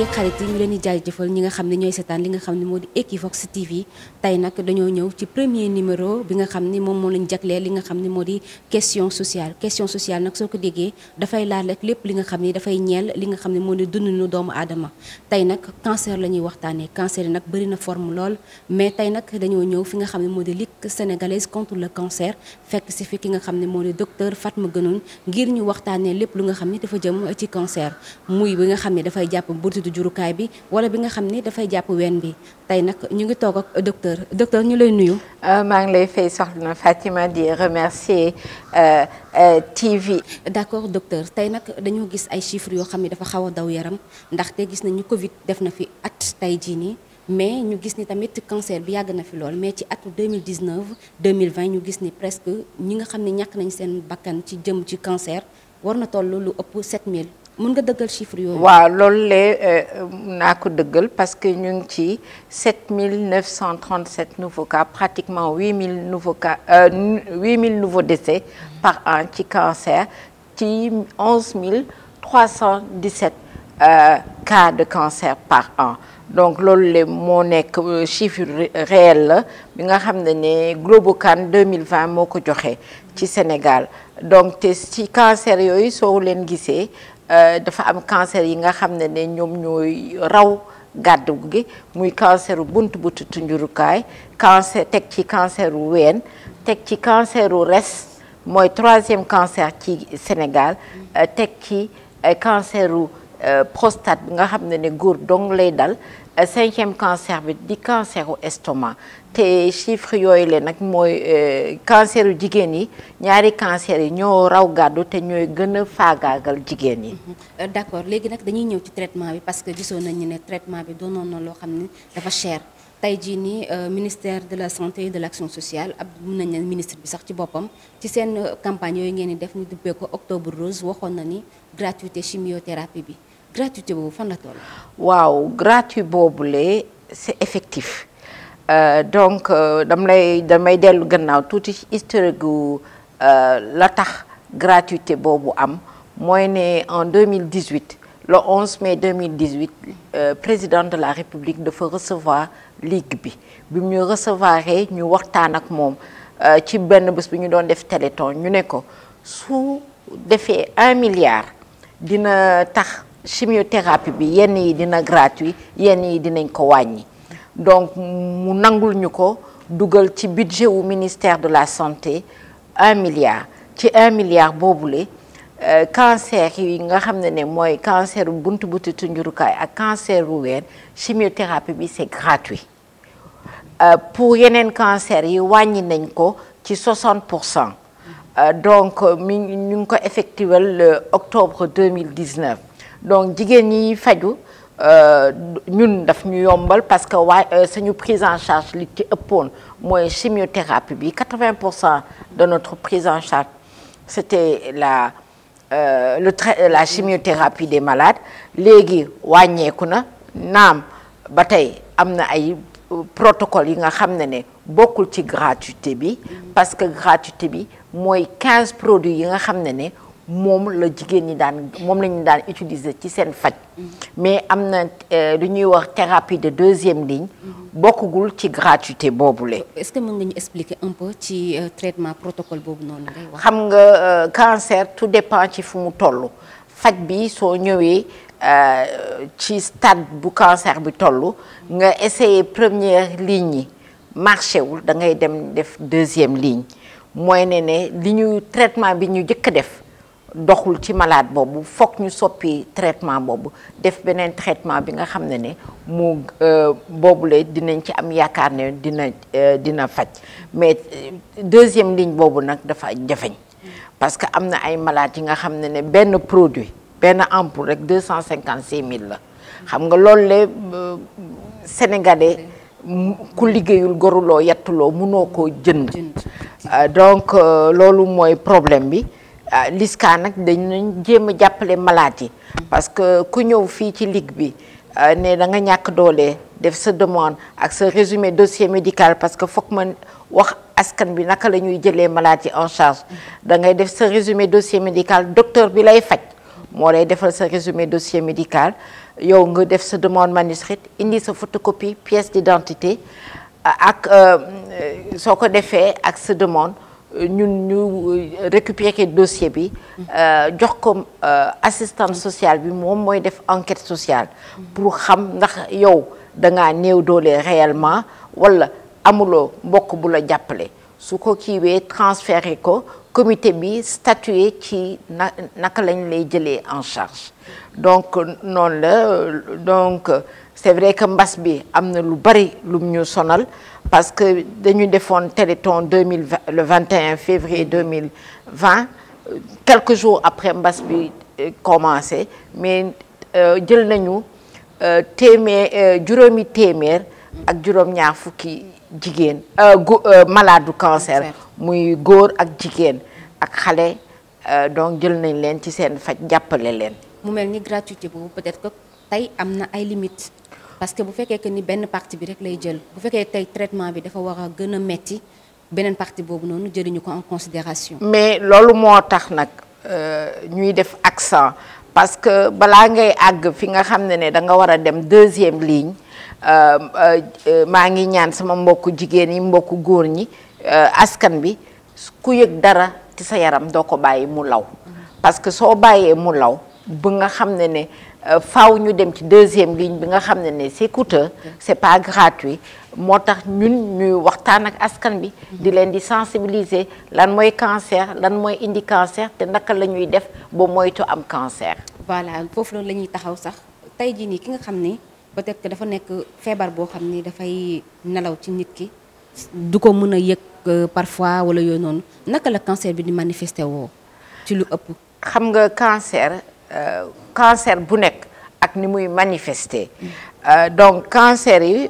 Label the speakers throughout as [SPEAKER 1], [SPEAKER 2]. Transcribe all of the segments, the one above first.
[SPEAKER 1] mbokki xarit yi ñu leen di jaajëfal ñi nga xam ne ñooy seetaan li nga xam ne moo di Equivox TV tey nag dañoo ñëw ci premier numéro bi nga xam ni moom moo lañ jagleel li nga xam ne moo di question sociale question sociale nag soo ko déggee dafay laal rek lépp li nga xam ni dafay ñeel li nga xam ne moo di dundinu doomu aadama tey nag cancer la ñuy waxtaanee cancer nag bëri na forme lool mais tey nag dañoo ñëw fi nga xam ne moo di Ligue sénégalaise contre le cancer fekk si fi ki nga xam ne moo di docteur Fatma Guenoune ngir ñu waxtaanee lépp lu nga xam ne dafa jëm ci cancer jurukaay bi wala bi nga xam ni dafay jàpp ween bi tey nag ñu ngi toog ak docteur docteur ñu lay nuyu. Euh, maa ngi lay fay soxna Fatima di remercier euh, euh, TV. d'accord docteur tey nag dañoo gis ay chiffres yoo xam ni dafa xaw a daw yaram ndaxte gis nañu Covid def na fi at tey jii nii. mais ñu gis ni tamit cancer bi yàgg na fi lool mais ci at 2019 2020 ñu gis ni presque ñi nga xam ni ñàkk nañ seen bakkan ci jëm ci cancer war na toll lu ëpp 7000 mun nga dëggal chiffre yooyu.
[SPEAKER 2] waaw loolu lee euh, naa ko dëggal parce que ñu ngi ci 7937 nouveaux cas pratiquement mille nouveaux cas euh, 8000 nouveaux décès par an ci cancer ci 11317 euh, cas de cancer par an. donc loolu le moo nekk euh, chiffre réel la bi nga xam ne ne Globocan 2020 moo ko joxe ci Sénégal donc te ci cancer yooyu soo leen gisee Euh, dafa am cancer yi nga xam ne ne ñoom ñooy raw gàddu gi muy canceru bunt butu tunjurukaay teg ci wu ween teg ci wu res mooy troisième cancer ci Sénégal euh, teg ci euh, canceru prostate bi nga xam ne ne góor dong lay dal Euh, cinquième cancer bi di canceru estomac te chiffre yooyu le nag mooy euh, cancer yu jigéen yi ñaari cancer yi ñoo raw gàddu te ñooy gën a faagaagal jigéen yi. Mhm.
[SPEAKER 1] Euh, d'accord léegi nag dañuy ñëw ci traitement bi parce que gisoon nañu ne traitement bi doonoon na loo xam ne dafa cher. tey jii nii ministère de la santé et de l'action sociale ab mun nañ ne ministre bi sax ci boppam ci seen campagne yooyu ngeen di def ñu dubbee ko octobre rose waxoon na ni gratuité chimiothérapie bi. gratuité boobu fan la toll.
[SPEAKER 2] waaw boobu boobule c'est effectif euh, donc euh, dam lay damay dellu gannaaw tuuti ci historique gu euh, la tax gratuité boobu am mooy ne en 2018 le 11 mai 2018 président de la république dafa recevoir ligue bi bi mu ñu recevoir ñu waxtaan ak moom ci benn bés bi ñu doon def téléthon ñu ne ko su defee un milliard dina tax. chimiothérapie bi yenn yi dina gratuit yenn yi dinañ ko wàññi donc mu nangul ñu ko dugal ci budget wu ministère de la santé un milliard ci un milliard boobule euh, cancer yi nga xam ne ne mooy cancer bunt butitu njurukaay ak cancer wu ween chimiothérapie bi c'est gratuit euh, pour yeneen cancer yi wàññi nañ ko ci 60 pour cent euh, donc mu ñu ngi ko effectué le octobre 2019 donc jigéen ñi faju euh, ñun daf ñu yombal parce que waaye euh, suñu prise en charge li ci ëppoon mooy chimiothérapie bi 80 pour cent de notre prise en charge c'était la euh, le trai la chimiothérapie des malades léegi wàññeeku na naam ba tey am na ay euh, protocole yi nga xam ne ne bokkul ci gratuité bi parce que gratuité bi mooy 15 produits yi nga xam ne ne moom la jigéen ñi daan moom la ñu daan utiliser ci seen faj mais am na euh, lu ñuy wax thérapie de deuxième ligne bokkagul ci gratuité boobu la
[SPEAKER 1] est-ce que mën nga ñu expliquer un peu ci euh, traitement protocole boobu noonu ngay wax xam nga euh, cancer tout dépend ci fu mu toll
[SPEAKER 2] faj bi soo ñëwee ci stade bu cancer bi toll nga essayer première ligne yi marché wul da ngay dem def deuxième ligne mooy ne ne li ñu traitement bi ñu jëkk def doxul ci malade boobu foog ñu soppi traitement boobu def beneen traitement bi nga xam ne ne mu euh, boobule dinañ ci am yaakaar ne dina euh, dina faj mais euh, deuxième ligne boobu nag dafa jafeñ parce que am na ay malades yi nga xam ne ne benn produit benn ampoule rek deux cent cinquante six mille la xam nga loolu le sénégalais ku liggéeyul goruloo yettuloo mënoo koo jënd donc loolu mooy problème bi Ah, LISCA nag dañu jéem a jàppale malaat yi. parce que ku ñëw fii ci ligue bi ah, ne da nga ñàkk doole def sa demande ak sa résumé dossier médical parce que foog ma wax askan bi naka la ñuy jëlee malade yi en change da ngay def sa résumé dossier médical docteur bi lay faj. moo lay defal sa résumé dossier médical yow nga def sa demande manuscrite indi sa photocopie pièce d'identité ah, ak euh, soo ko defee ak sa demande. ñun ñu euh, récupérer dossier bi euh, jox ko euh, assistante sociale bi moom mooy def enquête sociale pour xam ndax yow da ngaa néew doole réellement walla amuloo mbokk bu la jàppale su ko kiiwee transféré ko comité bi statué ci na naka lañ lay jëlee en charge donc noonu la donc c'est vrai que mbas bi am na lu bari lum ñu sonal parce que dañu defoon téléthon 2020 le 21 février 2020 quelques jours après mbas bi euh, commencé mais euh, jël nañu euh, téeméer juróomi téeméer ak juróom-ñaar fukki jigéen gu malade du cancer muy góor ak jigéen ak xale euh, donc jël nañ leen ci seen faj jàppale leen.
[SPEAKER 1] mu mel ni gratuité boobu peut-être ko tey am na ay limites parce que bu fekkee que ni benn partie bi rek lay jël bu fekkee tey traitement bi dafa war a gën a metti beneen partie boobu noonu jëriñu ko en considération
[SPEAKER 2] mais loolu moo tax nag euh, ñuy def accent parce que balaa ngay àgg fi nga xam ne ne da nga war a dem deuxième ligne euh, maa ngi ñaan sama mbokku jigéen yi mbokku góor ñi. Euh, askan bi ku yëg dara ci sa yaram doo ko bàyyi mu law parce que soo bàyyee mu law ba nga xam ne ne euh, faw ñu dem ci deuxième ligne bi nga xam ne ne c'est coûteux c'est pas gratuit moo tax ñun ñuy waxtaan ak askan bi di leen di sensibiliser lan mooy cancer lan mooy indi cancer te naka la ñuy def ba moytu am cancer
[SPEAKER 1] voilà foofu loolu la taxaw sax tey jii nii ki nga xam ni peut-être que dafa nekk feebar boo xam ni dafay nelaw ci nit ki du ko mën a yëg Euh, parfois wala yooyu noonu naka la cancer bi di manifester woo ci lu ëpp. xam nga cancer
[SPEAKER 2] euh, cancer bu nekk ak ni muy manifester mm. euh, donc cancer yi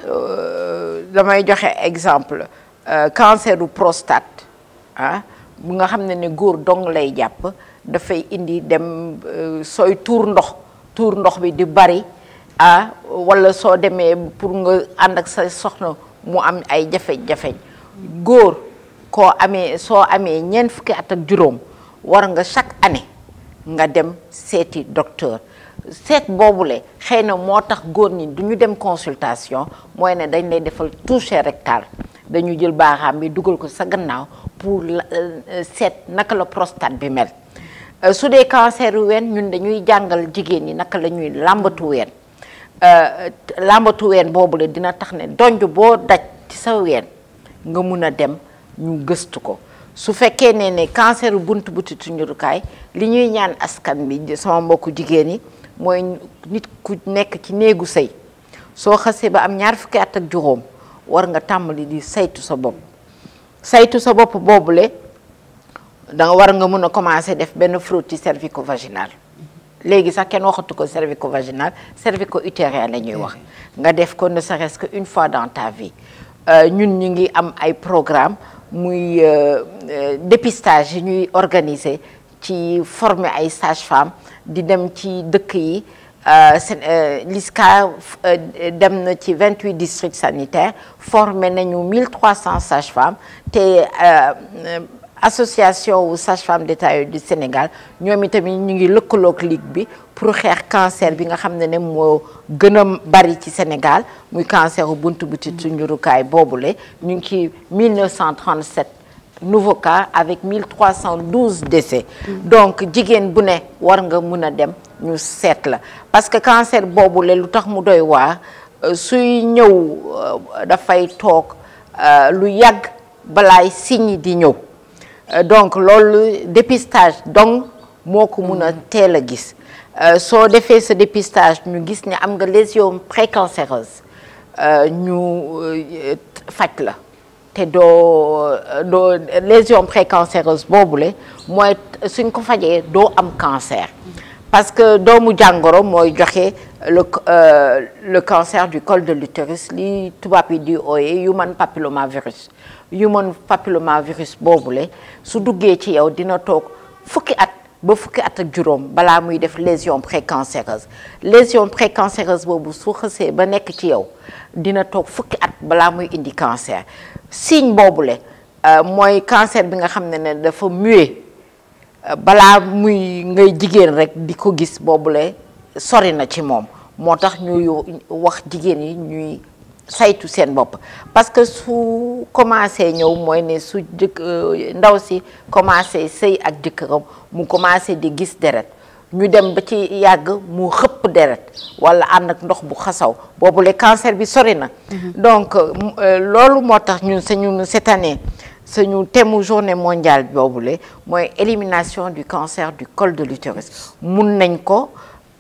[SPEAKER 2] damay joxe exemple cancer du prostate ah bu nga xam ne ne góor dong lay jàpp dafay indi dem sooy tuur ndox tuur ndox bi di bari ah walla soo demee pour nga ànd ak sa soxna mu am ay jafe-jafe. góor ko amee soo amee ñeent fukki at ak juróom war nga chaque année nga dem seeti docteur seet boobule xëy na moo tax góor ñi duñu dem consultation mooy ne dañ lay defal toucher rectal dañu jël baaxam bi dugal ko sa gannaaw pour euh, seet naka la prostate bi mel euh, su dee cancer yu ween ñun dañuy jàngal jigéen ñi naka la ñuy làmbatu ween euh, làmbatu ween boobule dina tax ne donj boo daj ci sa ween nga mun a dem ñu gëstu ko su fekkee ne ne cancer bunt butitu njurukaay li ñuy ñaan askan bi sama mbokku jigéen yi mooy nit ku nekk ci néegu sëy soo xasee ba am ñaar fukki at ak juróom war nga tàmbali di saytu sa bopp saytu sa bopp boobule danga war nga mun a commencer def benn frottis cervico-vaginal léegi sax kenn waxatu ko cervico-vaginal cervico-utérin la ñuy wax mm-hmm. nga def ko ne serait-ce que une fois dans vie Euh, ñun ñu ngi am ay programme muy euh, euh, dépistage yi ñuy organiser ci former ay sage-femme di dem ci dëkk yi LISCA dem na ci vingt 28 districts sanitaires formé nañu 1300 sages-femmes te association wu sage-femme d'État du Sénégal ñoom itamit ñu ngi lëkkaloog ligue bi pour xeex cancer bi nga xam ne ne moo gën a bari ci Sénégal muy cancer bu buntu butit su njurukaay boobu boobule ñu ngi ci 1937 nouveau cas avec 1312 décès donc jigéen bu ne war nga mun a dem ñu seet la parce que boobu boobule lu tax mu doy waa euh, suy ñëw euh, dafay toog euh, lu yàgg balaay signe di ñëw Euh, donc loolu dépistage donc moo ko mun a mm-hmm. teel a gis euh, soo defee sa dépistage ñu gis ni am nga lésion précancéreuse euh, ñu faj la te doo doo lésion précancéreuse boobule mooy suñ ko fajee doo am cancer mm-hmm. parce que doomu jàngoro mooy joxe le euh, le cancer du col de l'utérus li tubaab yi di ooyee human papillomavirus human papillomavirus boobule su duggee ci yow dina toog fukki at ba fukki at ak juróom balaa muy def lésion précancéreuse lésion précancéreuse boobu su xësee ba nekk ci yow dina toog fukki at balaa muy indi cancer signe boobule euh, mooy cancer bi nga xam ne ne dafa muet balaa muy ngay jigéen rek di ko gis boobule sori na ci moom moo tax ñuy wax jigéen yi ñuy saytu seen bopp parce que su commencé ñëw mooy ne su jëkk euh, ndaw si commencé sëy ak jëkkëram mu commencé di gis deret ñu dem ba ci yàgg mu xëpp deret walla ànd ak ndox bu xasaw boobule cancer bi sori na mm-hmm. donc euh, loolu moo tax ñun sañu cette année suñu thème journée mondiale boobule mooy élimination du cancer du col de l'utérus mun nañ ko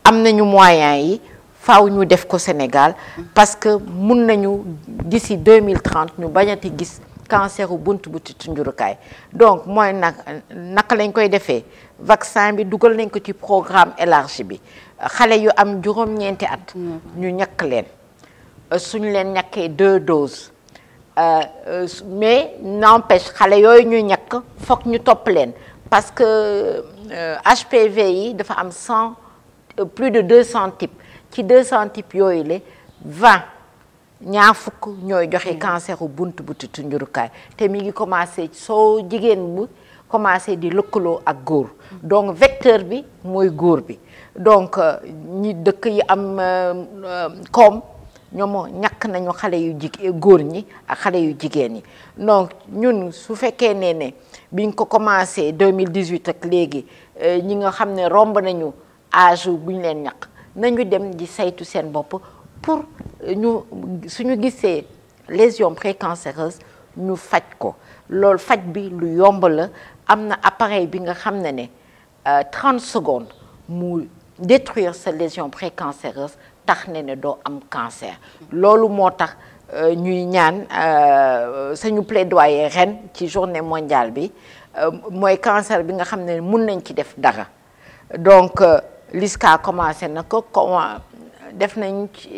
[SPEAKER 2] am nañu moyen yi faw ñu def ko Sénégal parce que mun nañu d'ici 2030 ñu bañati gis cancer bunt bu titu njurukaay donc mooy nag naka lañ koy defee vaccin bi dugal nañ ko ci programme élargi bi xale yu am juróom-ñeenti at mm. ñu ñàkk leen suñ leen ñàkkee deux doses Euh, euh, mais n'empêche xale yooyu ñu ñàkk foog ñu topp leen parce que HPV euh, yi dafa am cent plus de deux cent types ci deux cent types yooyu le vingt ñaar fukk ñooy joxe mm. cancer u bunt butitu njurukaay te mi ngi commencé soo jigéen bu commencé di lëkkaloo ak góor mm. donc vecteur bi mooy góor bi donc ñi dëkk yi am koom ñoom moo ñàkk nañu xale yu jigéen góor ñi ak xale yu jigéen ñi donc ñun su fekkee nee ne bi biñ ko commencé 2018 ak léegi euh, ñi nga xam ne romb nañu âge bu ñu leen ñaq nañu dem di saytu seen bopp pour ñu suñu gisee lésion précancéreuse ñu faj ko loolu faj bi lu yomb la am na appareil bi nga xam ne ne euh, trente secondes mu détruire sa lésion précancéreuse tax ne ne doo am cancer loolu moo tax euh, ñuy ñaan euh, suñu plaidoyer ren ci journée mondiale bi euh, mooy cancer bi nga xam ne mun nañ ci def dara donc LISCA commencé na ko comment def nañ ci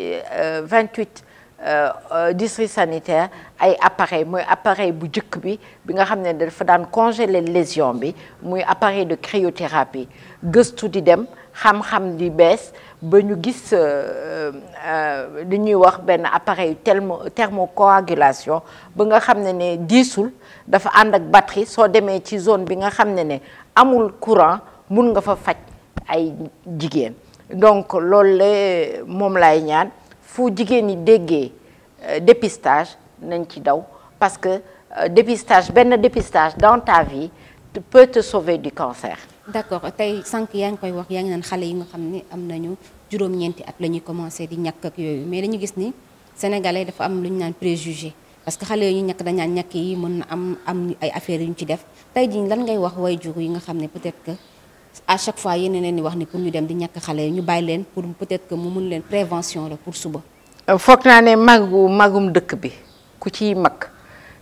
[SPEAKER 2] vingt-huit Euh, euh, district sanitaire ay appareil mooy appareil bu jëkk bi bi nga xam ne dafa daan congeler lésion bi muy appareil de cryothérapie gëstu di dem xam-xam di bees ba ñu gis di euh, ñuy wax benn appareil thermo thermocoagulation ba nga xam ne ne diisul dafa ànd ak batri soo demee ci zone bi nga xam ne ne amul courant mun nga fa faj ay jigéen donc loolu moom lay ñaan foo jigéen ñi déggee euh, dépistage nañ ci daw parce que euh, dépistage benn dépistage dans ta vie peut te sauver du cancer.
[SPEAKER 1] d'accord tey sànq yaa ngi koy wax yaa ngi naan xale yi nga xam ne am nañu juróom-ñeenti at la ñuy commencer di ñàkk ak yooyu mais dañu gis ni sénégalais dafa am lu ñu naan préjugé parce que xale yooyu ñu ñàkk dañaan ñàkk yi mën na am am ay affaires yu ñu ci def tey jii lan ngay wax way jur yi nga xam ne peut-être que. à chaque fois yéen leen di wax ni pour ñu dem di ñàkk xale yi ñu bàyyi leen pour peut-être que mu mun leen prévention la pour suba. Euh, foog naa ne màggu
[SPEAKER 2] màggum dëkk bi ku ciy mag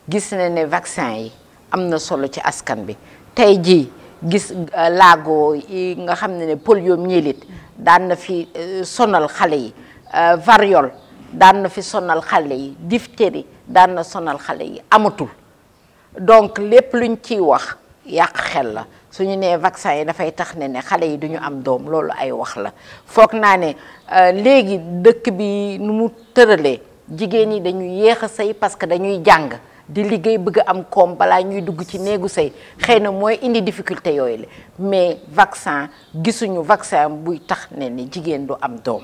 [SPEAKER 2] gis na ne vaccin yi am na solo ci askan bi tey jii gis euh, laago nga xam ne ne poliomyélite daan na fi euh, sonal xale yi variole daan na fi sonal xale yi diphtérie daan na sonal xale yi amatul donc lépp luñ ciy wax yàq xel la. suñu nee vaccin yi dafay tax ne ne xale yi du ñu am doom loolu ay wax la foog naa ne euh, léegi dëkk bi nu mu tëralee jigéen ñi dañuy yéex a sëy parce que dañuy jàng di liggéey bëgg am koom balaa ñuy dugg ci néegu sëy xëy na mooy indi difficulté yooyu le mais vaccin gisuñu vaccin buy tax ne ne jigéen du am doom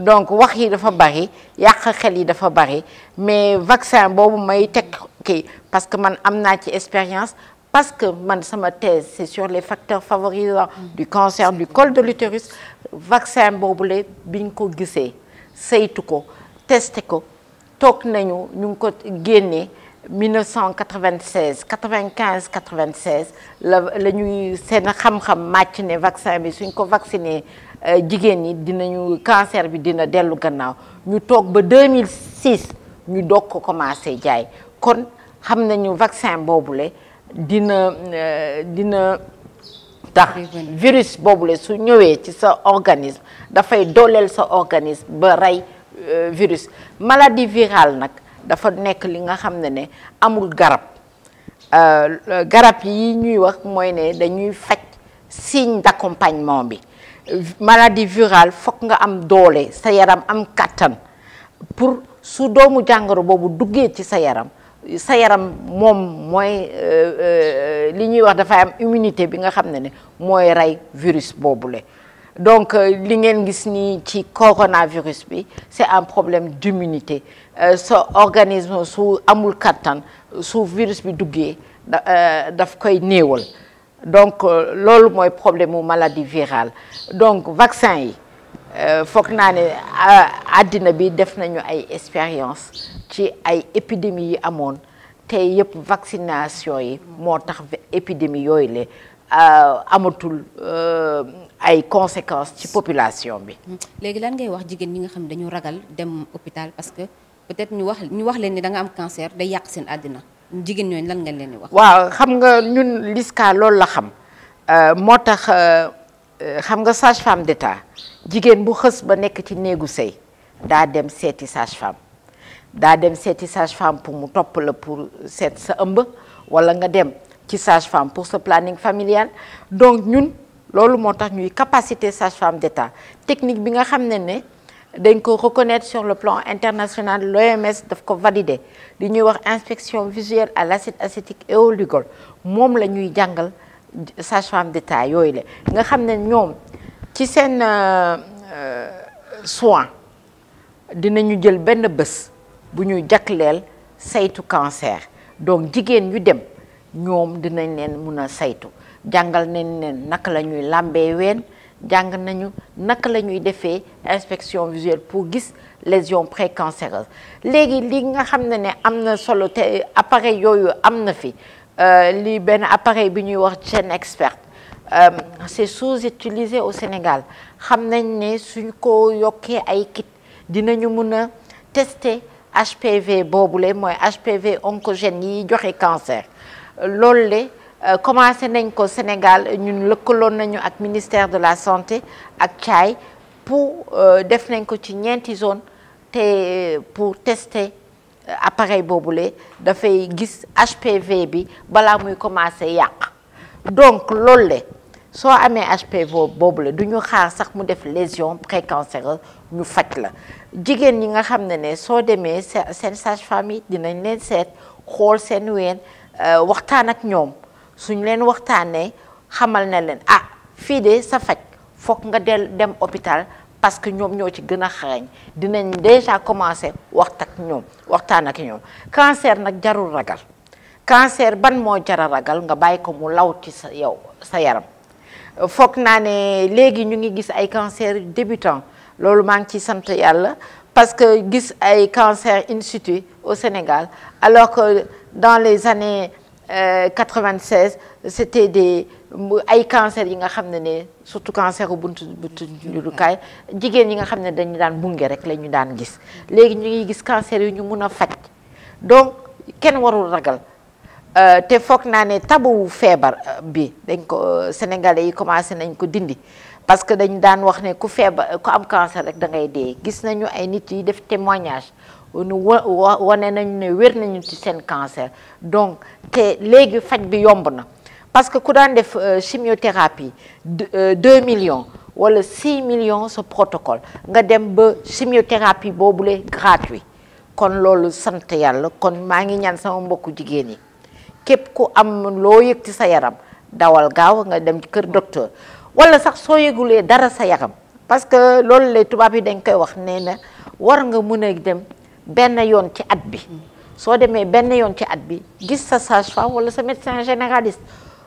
[SPEAKER 2] donc wax yi dafa bari yàq xel yi dafa bari mais vaccin boobu may teg kii parce que man am naa ci expérience parce que man sama thèse c'est sur les facteurs favorisants mm. du cancer du col de l'utérus vaccin bi biñ ko gisee saytu ko testé ko toog nañu ñu ngi ko génnee 1996 95 96 la la ñuy seen xam-xam màcc ne vaccin bi suñ ko vacciné euh, jigéen ñi dinañu cancer bi dina dellu gannaaw ñu toog ba 2006 ñu doog ko commencé jaay kon xam nañu vaccin boobule dina euh, dina tax virus boobu boobule su ñëwee ci sa organisme dafay dooleel sa organisme ba rey euh, virus maladie viral nag dafa nekk li nga xam ne ne amul garab euh, garab yi ñuy wax mooy ne dañuy faj signe d'accompagnement bi maladie viral fokk nga am doole sa yaram am kàttan pour su doomu jàngoro boobu duggee ci sa yaram sa yaram moom mooy euh, euh, li ñuy wax dafa am immunité bi nga xam ne ne mooy rey virus boobule donc euh, li ngeen gis nii ci coronavirus bi c'est un problème d'immunité so organisme su amul kattan su virus bi duggee daf koy néewal donc loolu mooy problème mu maladie virale donc vaccin yi Euh, foog naa ne euh, àddina bi def nañu ay expérience ci ay épidémie yi amoon te yëpp vaccination yi moo tax épidémie yooyu le euh, amatul ay conséquences ci population bi.
[SPEAKER 1] léegi lan ngay wax jigéen ñi nga xam ne dañu ragal dem hôpital parce que peut-être ñu wax ñu wax leen ni da nga am cancer day yàq seen àddina jigéen ñooñu lan nga leen di wax.
[SPEAKER 2] waaw xam nga ñun Liska loolu la xam moo tax xam nga sage-femme d'État. jigéen bu xës ba nekk ci néegu sëy daa dem seeti sage-femme daa dem seeti sage pour mu topp la pour seet sa ëmb walla nga dem ci sage pour sa planning familial donc ñun loolu moo tax ñuy capacité sage-femme d'État technique bi nga xam ne ne dañ ko reconnaître sur le plan international l'OMS daf ko valider li ñuy wax inspection visuelle à l'acide acétique et moom la ñuy jàngal sage-femme d'État yooyu la nga xam ne ñoom ci seen euh, euh, soin dinañu jël benn bés bu ñu jagleel saytu cancer donc jigéen ñu dem ñoom dinañ leen mun a saytu jàngal nañ leen naka la ñuy làmbee ween jàng nañu naka la ñuy defee inspection visuelle pour gis lésion précancéreuse léegi li nga xam ne ne am na solo te appareil yooyu am na fi euh, li benn appareil bi ñuy wax chaîne expert Euh, c'est sous-utilisé au Sénégal xam nañ ne suñ ko yokkee ay kit dinañu mun a tester HPV boobule mooy HPV oncogène yi joxe cancer loolu le euh, commencé nañ ko Sénégal ñun lëkkaloon nañu ak ministère de la santé ak CAI pour euh, def nañ ko ci ñeenti zone te pour tester appareil boobule dafay gis HPV bi balaa muy commencé yàq donc loolu soo amee HPV boobu la du ñu xaar sax mu def lésion précancéreuse ñu faj la jigéen ñi nga xam ne ne soo demee seen sage-femme yi dinañ leen seet xool seen ween euh, waxtaan ak ñoom suñ leen waxtaanee xamal na leen ah fii de sa faj foog nga del dem hôpital parce que ñoom ñoo ci gën a xarañ dinañ déjà commencé waxt ak waxtaan ak ñoom cancer nag jarul ragal cancer ban moo jar ragal nga bàyyi ko mu law ci sa yow sa yaram foog naa ne léegi ñu ngi gis ay cancer débutant loolu maa ngi ciy sant yàlla parce que gis ay cancer in au Sénégal alors que dans les années euh, quatre-vingt-seize c'était des ay cancer yi nga xam ne ne surtout cancer bu buntu buntu njurukaay jigéen yi nga xam ne dañu daan bunge rek la ñu daan gis léegi ñu ngi gis cancer yi ñu mun a faj donc kenn warul ragal Euh, te foog naa ne tabu feebar euh, bi dañ ko euh, sénégalais yi commencé nañ ko dindi parce que dañ daan wax ne ku feebar ku am cancer rek dangay ngay dee gis nañu ay nit yi def témoignage nu wa wane nañu ne wér nañu si seen cancer donc te léegi faj bi yomb na parce que ku daan def chimiothérapie deux millions wala six millions sa protocole nga dem ba chimiothérapie boobule gratuit kon loolu sant yàlla kon maa ngi ñaan sama mbokku jigéen yi képp ku am loo yëg ci sa yaram dawal gaaw nga dem kër docteur wala sax soo yëgulee dara sa yaram parce que loolu lay tubaab yi dañ koy wax nee na war nga mën a dem benn yoon ci at bi soo demee benn yoon ci at bi gis sa sage-femme wala sa médecin généraliste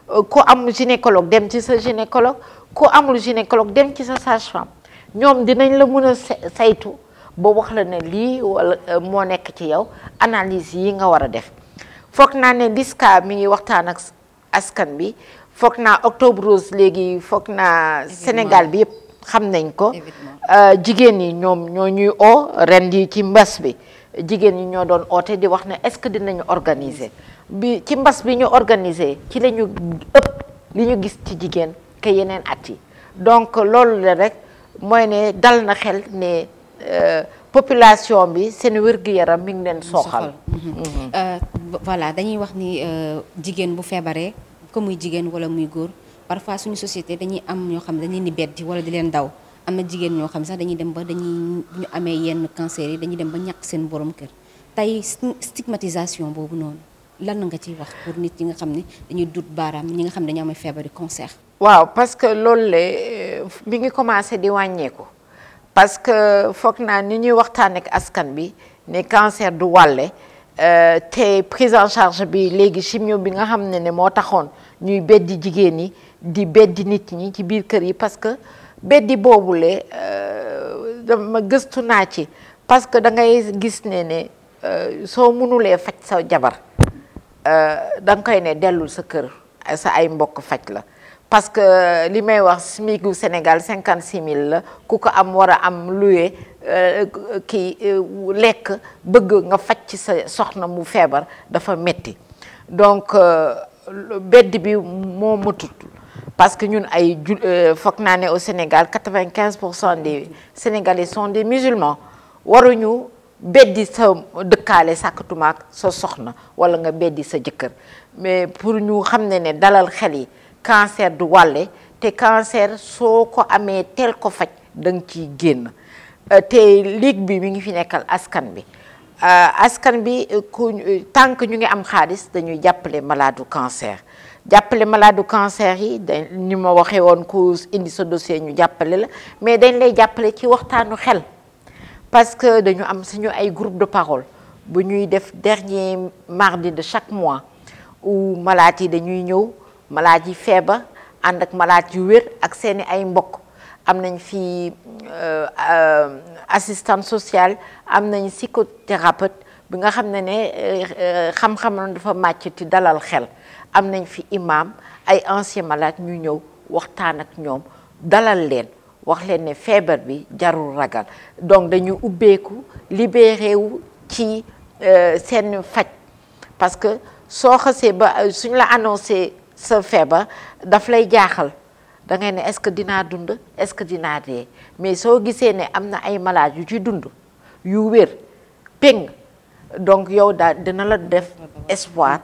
[SPEAKER 2] euh, ku am gynécologue dem ci sa gynécologue ku amul gynécologue dem ci sa sage ñoom dinañ la mën a saytu ba wax la ne lii wala euh, moo nekk ci yow analyse yi nga war a def foog naa ne Liska mi ngi waxtaan ak askan bi foog naa Octobre léegi foog naa Sénégal bi yëpp xam nañ ko euh, jigéen yi ñoom ñoo ñuy oo ren yi ci mbas bi jigéen yi ñoo doon oote di wax ne est-ce que dinañu organiser bi ci mbas bi ñu organiser ci la ñu ëpp li ñu gis ci jigéen ke yeneen at yi donc loolu la rek mooy ne dal na xel ne Euh, population bi seen wér-gu-yaram mi ngi leen soxal. Mhm.
[SPEAKER 1] Euh, voilà dañuy wax ni euh, jigéen bu feebaree ko muy jigéen wala muy góor parfois suñu societé dañuy am ñoo xam ne dañuy ni wala di leen daw am na jigéen ñoo xam sax dañuy dem ba dañuy ñu amee yenn cancer yi dañuy dem ba ñàkk seen boroom kër tey stigmatisation boobu noonu lan nga ciy wax pour nit ñi nga xam ne dañuy dut baaraam ñi nga xam ne dañu amee feebari cancer.
[SPEAKER 2] waaw parce que loolu ngi commencé di wàññeeku. parce que foog naa ni ñuy waxtaan ak askan bi ne cancer du wàlle euh, te prise en charge bi léegi chimio bi nga xam ne ne moo taxoon ñuy beddi jigéen ñi di beddi nit ñi ci biir kër yi parce que beddi boobule euh, dama gëstu naa ci parce que da ngay gis ne ne euh, soo mënulee faj sa jabar da nga koy ne dellul sa kër sa ay mbokk faj la parce que euh, li may wax SMICu Sénégal cinquante six mille la ku ko am war a am luwe euh, kii euh, lekk bëgg nga faj ci sa soxna mu feebar dafa metti donc bedd bi moo matut parce que ñun ay ju foog naa ne au Sénégal quatre vingt quinze pour cent des Sénégalais des musulmans waruñu beddi sa dëkkaale sàkkatumaak sa soxna wala nga beddi sa jëkkër mais pour ñu xam ne ne dalal xel yi cancer du wàlle te cancer soo ko amee teel ko faj da nga ciy génn euh, te ligue bi mu ngi fi nekkal askan bi euh, askan bi euh, ku tant ñu ngi am xaalis dañuy jàppale malade du cancer jàppale malade du cancer yi dañ ni ma waxee woon ku indi sa dossier ñu jàppale la mais dañ lay jàppale ci waxtaanu xel parce que dañu am suñu ay groupe de parole bu ñuy def dernier mardi de chaque mois u malade yi dañuy ñëw malaat yi feebar ànd ak malaat yu wér ak seeni ay mbokk am nañ fi euh, euh, assistante sociale am nañ psychothérapeute bi nga xam ne ne euh, xam-xam dafa màcc ci dalal xel am nañ fi imam ay ancien malade ñu ñëw waxtaan ak ñoom dalal leen wax leen ne feebar bi jarul ragal donc dañu ubbeeku libéré wu ci seen faj parce que soo xasee ba suñ la annoncé sa feebar daf lay jaaxal da ngay ne est-ce que dinaa dund est-ce que dinaa dee mais soo gisee ne am na ay malade yu ci dund yu wér péng donc yow daal dina la def espoir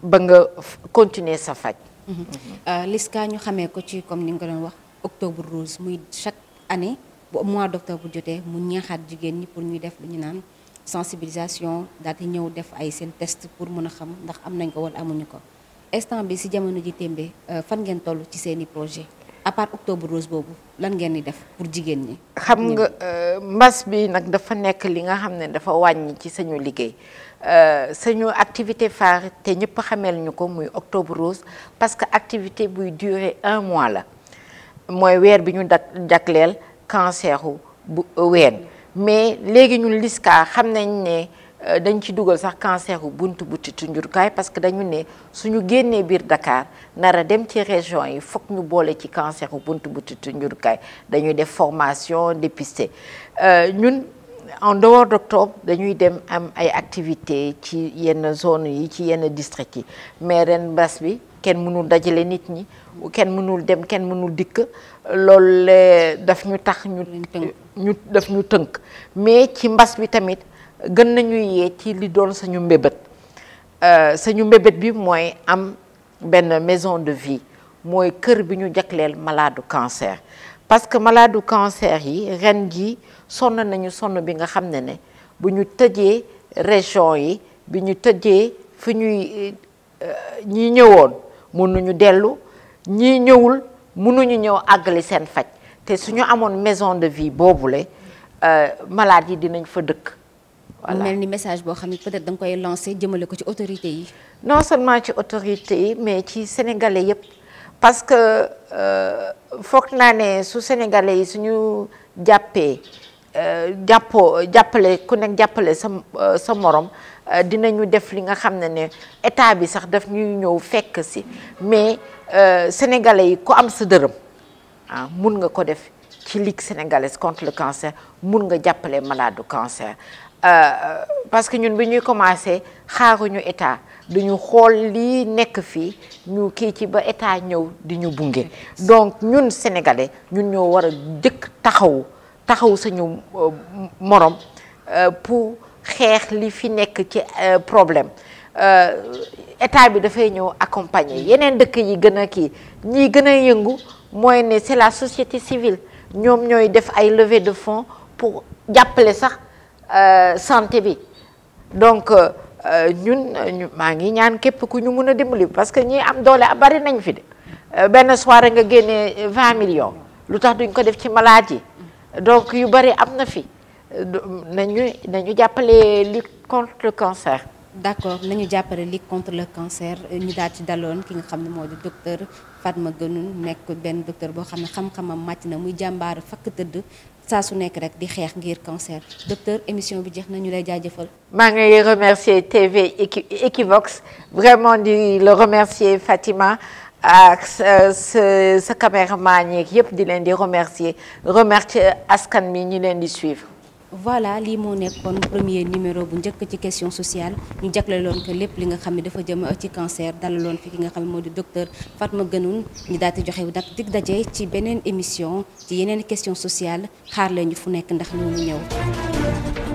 [SPEAKER 2] ba nga continuer sa faj
[SPEAKER 1] mm-hmm. euh, Liska ñu xamee ko ci comme ni nga ko doon wax octobre rose muy chaque année bu mois d'octobre bu jotee mu ñaaxaat jigéen ñi pour ñuy def lu ñu naan sensibilisation daal di ñëw def ay seen test pour mun a xam ndax am nañ ko wal amuñu ko instant bi si jamono ji témbe euh, fan ngeen tollu ci seen i projet à part octobre rose boobu lan ngeen di def pour jigéen ñi.
[SPEAKER 2] xam nga euh, mbas bi nag dafa nekk li nga xam ne dafa wàññi ci sañu liggéey euh, sañu activité phare te ñëpp xamel ñu ko muy octobre rose parce que activité buy durer un mois la mooy weer bi ñu da jagleel cancer bu ween mais léegi ñun Lisca xam nañ ne. Euh, dañ ci dugal sax cancer bu buntu butitu njurukaay parce que dañu ne suñu génnee biir Dakar nara dem ci région yi foog ñu boole ci cancer bunt buntu butitu njurukaay dañuy def formation dépister euh, ñun en dehors d'octobre dañuy dem am ay activité ci yenn zone yi ci yenn district yi mais ren mbas bi kenn mënul dajale nit ñi kenn mënul dem kenn mënul dikk loolu daf ñu tax ñu daf ñu tënk mais ci mbas bi tamit gën nañu yee ci li doon sañu mbébét euh, sañu mbébét bi mooy am benn maison de vie mooy kër bi ñu jagleel malade cancer parce que malade cancer yi ren ji sonn nañu sonn bi nga xam ne ne bu ñu tëjee région yi bi ñu tëjee fi ñuy euh, ñi ñëwoon mënuñu dellu ñii ñëwul mënuñu ñëw àggali seen faj te su ñu amoon maison de vie boobule euh, malade yi dinañ fa dëkk voilà mel ni message boo xam ni peut-être da koy lancer jëmale ko ci autorité yi. non seulement ci autorité yi mais ci sénégalais yëpp parce que euh, foog naa ne su sénégalais yi suñu jàppee euh, jàppoo jàppale ku nekk jàppale sa euh, sa morom dinañu def li nga xam ne ne état bi sax daf ñuy ñëw fekk si mais sénégalais yi ku am sa dërëm ah mun nga ko def ci ligue sénégalaise contre le cancer mun nga jàppale malade du cancer. Euh, parce que ñun bi ñuy commencer xaaruñu état duñu xool lii nekk fii ñu kii ci ba état ñëw di ñu bunge donc ñun sénégale ñun ñoo war a jëkk taxaw taxaw sañu euh, morom euh, pour xeex li fi nekk ci problème état bi dafay ñëw accompagner yeneen dëkk yi gën a kii ñi gën a yëngu mooy ne c'est la société civile ñoom ñooy def ay levée de fonds pour jàppale sax Euh, santé bi donc euh, ñun maa ngi ñaan képp ku ñu mun a dimbali parce que ñii am doole a bari nañ fi de euh, benn soirée nga génnee vingt millions lu tax duñ ko def ci malaat yi
[SPEAKER 1] donc yu bari am na fi nañu nañu jàppale lutte contre le cancer. d'accord nañu jàppale lutte contre le cancer ñu daal ci daloon ki nga xam ne moo di docteur Fatma Guenoune nekk benn docteur boo xam ne xam-xamam màcc na muy jàmbaar fakk tëdd. saa su nekk rek di xeex ngir cancer docteur émission bi jeex nañu ñu lay jaajëfal.
[SPEAKER 2] maa ngi remercier TV Equivox vraiment di le remercier Fatima. ak sa sa sa caméraman yeeg yëpp di leen di remercier remercier
[SPEAKER 1] askan mi ñu leen di suivre. voilà lii moo nekkoon premier numéro bu njëkk ci question sociale ñu jagleloon ko lépp li nga xam ne dafa jëm ci cancer dalaloon fi ki nga xam moo di docteur Fatma gënul ñu daal di joxe nag dig daje ci beneen émission ci yeneen question sociale xaar leen fu nekk ndax ñoo ngi ñëw.